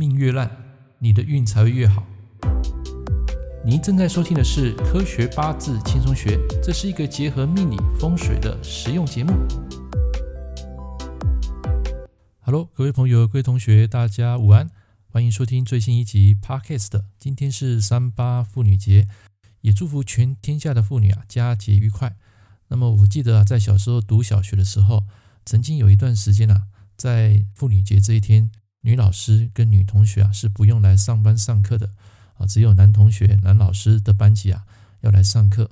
命越爛，你的運才會越好。您正在收聽的是《科學八字輕鬆學》，這是一個結合命理風水的實用節目。Hello，各位朋友、各位同學，大家午安，歡迎收聽最新一集 Podcast。今天是三八婦女節，也祝福全天下的婦女啊，佳節愉快。那麼我記得啊，在小時候讀小學的時候，曾經有一段時間啊，在婦女節這一天。女老師跟女同學啊是不用來上班上課的啊，只有男同學、男老師的班級啊要來上課。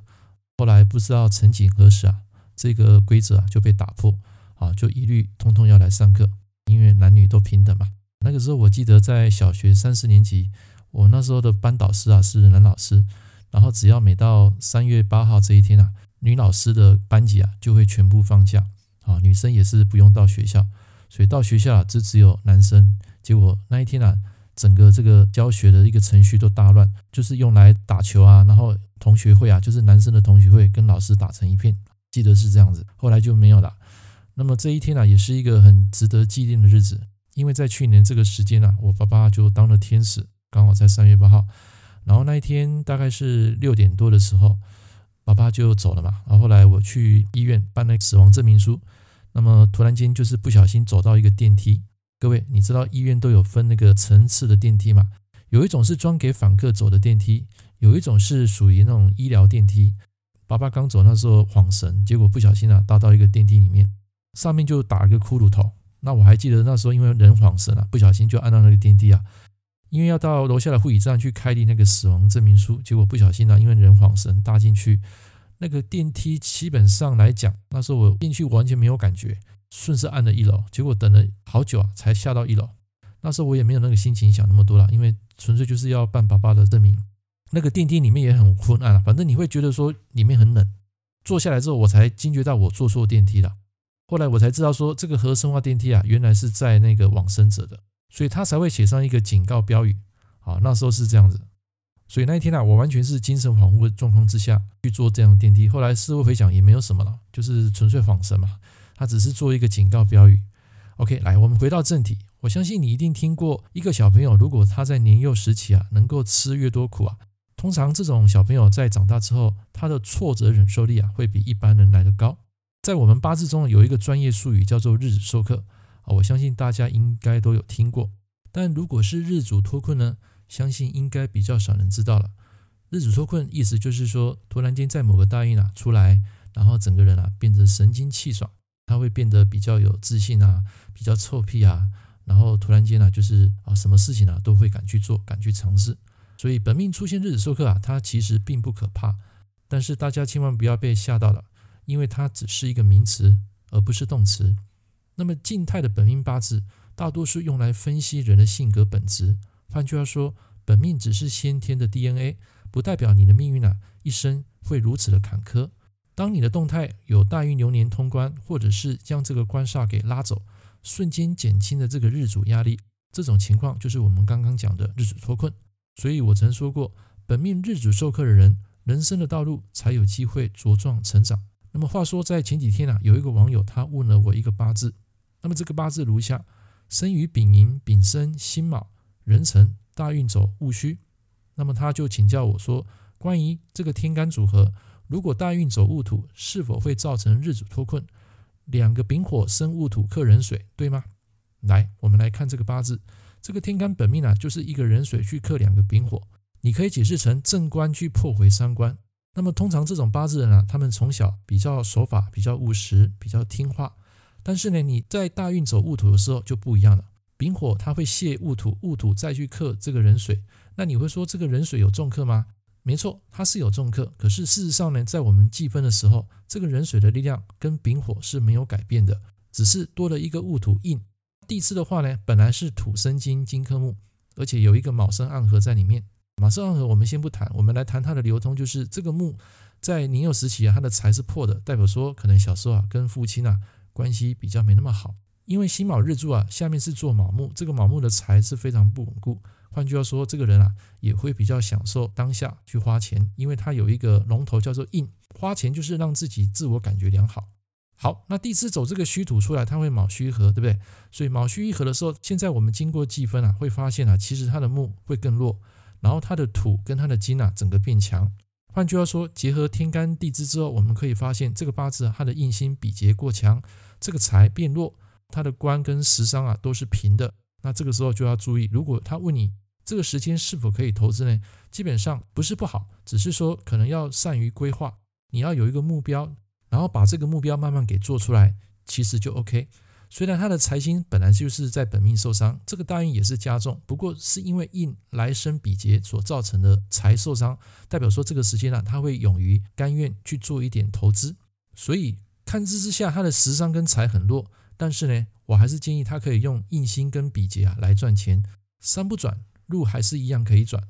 後來不知道曾幾何時啊，這個規則啊就被打破啊，就一律通通要來上課，因為男女都平等嘛。那個時候我記得在小學三四年級，我那時候的班導師啊是男老師，然後只要每到三月八號這一天啊，女老師的班級啊就會全部放假啊，女生也是不用到學校。所以到學校就只有男生，結果那一天啊，整個這個教學的一個程序都大亂，就是用來打球啊，然後同學會啊，就是男生的同學會跟老師打成一片，記得是這樣子，後來就沒有了。那麼這一天呢、啊，也是一個很值得紀念的日子，因為在去年這個時間呢、啊，我爸爸就當了天使，剛好在三月八號，然後那一天大概是六點多的時候，爸爸就走了嘛，然後後來我去醫院辦那個死亡證明書。那麼突然間就是不小心走到一個電梯，各位你知道醫院都有分那個層次的電梯嗎？有一種是專給訪客走的電梯，有一種是屬於那種醫療電梯。爸爸剛走那時候晃神，結果不小心啊搭到一個電梯裡面，上面就打個骷髏頭。那我還記得那時候因為人晃神啊，不小心就按到那個電梯啊，因為要到樓下的護理站去開立那個死亡證明書，結果不小心啊，因為人晃神搭進去。那個電梯基本上來講，那時候我進去完全沒有感覺，順勢按了一樓，結果等了好久啊才下到一樓。那時候我也沒有那個心情想那麼多了，因為純粹就是要辦爸爸的證明。那個電梯裡面也很昏暗啊，反正你會覺得說裡面很冷。坐下來之後，我才驚覺到我坐錯電梯了。後來我才知道說這個合生化電梯啊，原來是在那個往生者的，所以他才會寫上一個警告標語。啊，那時候是這樣子。所以那一天啊，我完全是精神恍惚的狀況之下去坐這樣的電梯。後來事後回想也沒有什麼了，就是純粹恍神嘛。他只是做一個警告標語。OK，來，我們回到正題。我相信你一定聽過，一個小朋友如果他在年幼時期啊，能夠吃越多苦啊，通常這種小朋友在長大之後，他的挫折忍受力啊會比一般人來得高。在我們八字中有一個專業術語叫做日主受剋啊，我相信大家應該都有聽過。但如果是日主脫困呢？相信應該比較少人知道了。日主脫困，意思就是說，突然間在某個大運啊出來，然後整個人啊變得神清氣爽，他會變得比較有自信啊，比較臭屁啊，然後突然間呢，就是啊，什麼事情啊都會敢去做，敢去嘗試。所以本命出現日主脫困啊，它其實並不可怕，但是大家千萬不要被嚇到了，因為它只是一個名詞，而不是動詞。那麼靜態的本命八字，大多數用來分析人的性格本質。換句話說，本命只是先天的 DNA，不代表你的命運啊，一生會如此的坎坷。當你的動態有大運流年通關，或者是將這個官煞給拉走，瞬間減輕了這個日主壓力，這種情況就是我們剛剛講的日主脫困。所以我曾說過，本命日主受剋的人，人生的道路才有機會茁壯成長。那麼話說，在前幾天呢、啊，有一個網友他問了我一個八字，那麼這個八字如下：生於丙寅，丙申，辛卯。壬辰大運走戊戌，那麼他就請教我說，關於這個天干組合，如果大運走戊土，是否會造成日主脫困？兩個丙火生戊土克壬水，對嗎？來，我們來看這個八字，這個天干本命啊，就是一個壬水去克兩個丙火，你可以解釋成正官去破回三官。那麼通常這種八字人啊，他們從小比較守法，比較務實，比較聽話，但是呢，你在大運走戊土的時候就不一樣了。丙火它會泄戊土，戊土再去克這個壬水。那你會說這個壬水有重克嗎？沒錯，它是有重克。可是事實上呢，在我們計分的時候，這個壬水的力量跟丙火是沒有改變的，只是多了一個戊土印。地支的話呢，本來是土生金，金克木，而且有一個卯生暗合在裡面。卯生暗合我們先不談，我們來談它的流通，就是這個木在年幼時期啊，它的財是破的，代表說可能小時候啊跟父親啊關係比較沒那麼好。因為辛卯日柱啊，下面是坐卯木，這個卯木的財是非常不穩固。換句話說，這個人啊也會比較享受當下去花錢，因為他有一個龍頭叫做印，花錢就是讓自己自我感覺良好。好，那地支走這個戌土出來，他會卯戌合，對不對？所以卯戌一合的時候，現在我們經過計分啊，會發現啊，其實他的木會更弱，然後他的土跟他的金啊整個變強。換句話說，結合天干地支之後，我們可以發現這個八字啊，它的印星比劫過強，這個財變弱。他的官跟食傷啊都是平的，那這個時候就要注意，如果他問你這個時間是否可以投資呢？基本上不是不好，只是說可能要善於規劃，你要有一個目標，然後把這個目標慢慢給做出來，其實就 OK。雖然他的財星本來就是在本命受傷，這個大運也是加重，不過是因為印來生比劫所造成的財受傷，代表說這個時間呢、啊、他會勇於甘願去做一點投資，所以看字之下，他的食傷跟財很弱。但是呢，我還是建議他可以用印星跟比劫啊來賺錢，山不轉路還是一樣可以轉，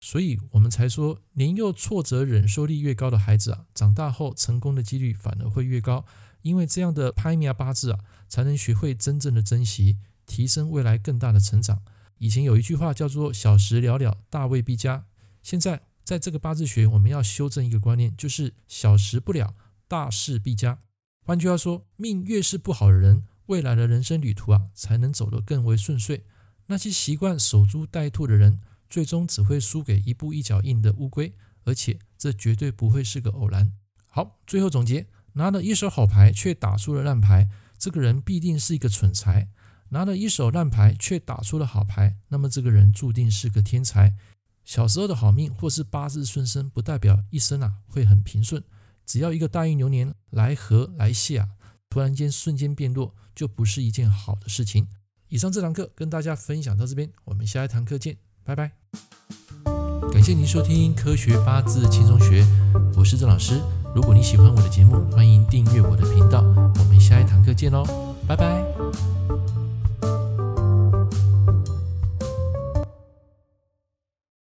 所以我們才說年幼挫折忍受力越高的孩子啊，長大後成功的幾率反而會越高，因為這樣的歹命八字啊，才能學會真正的珍惜，提升未來更大的成長。以前有一句話叫做“小時了了，大未必佳”，現在在這個八字學，我們要修正一個觀念，就是“小時不了，大勢必佳”。換句話說，命越是不好的人。未來的人生旅途啊，才能走得更為順遂。那些習慣守株待兔的人，最終只會輸給一步一腳印的烏龜，而且這絕對不會是個偶然。好，最後總結：拿了一手好牌卻打出了爛牌，這個人必定是一個蠢材；拿了一手爛牌卻打出了好牌，那麼這個人注定是個天才。小時候的好命或是八字順生，不代表一生啊會很平順。只要一個大運流年來合來洩啊。突然間瞬間變弱，就不是一件好的事情。以上這堂課跟大家分享到這邊，我們下一堂課見，拜拜。感謝您收聽《科學八字輕鬆學》，我是鄭老師。如果你喜歡我的節目，歡迎訂閱我的頻道。我們下一堂課見嘍，拜拜。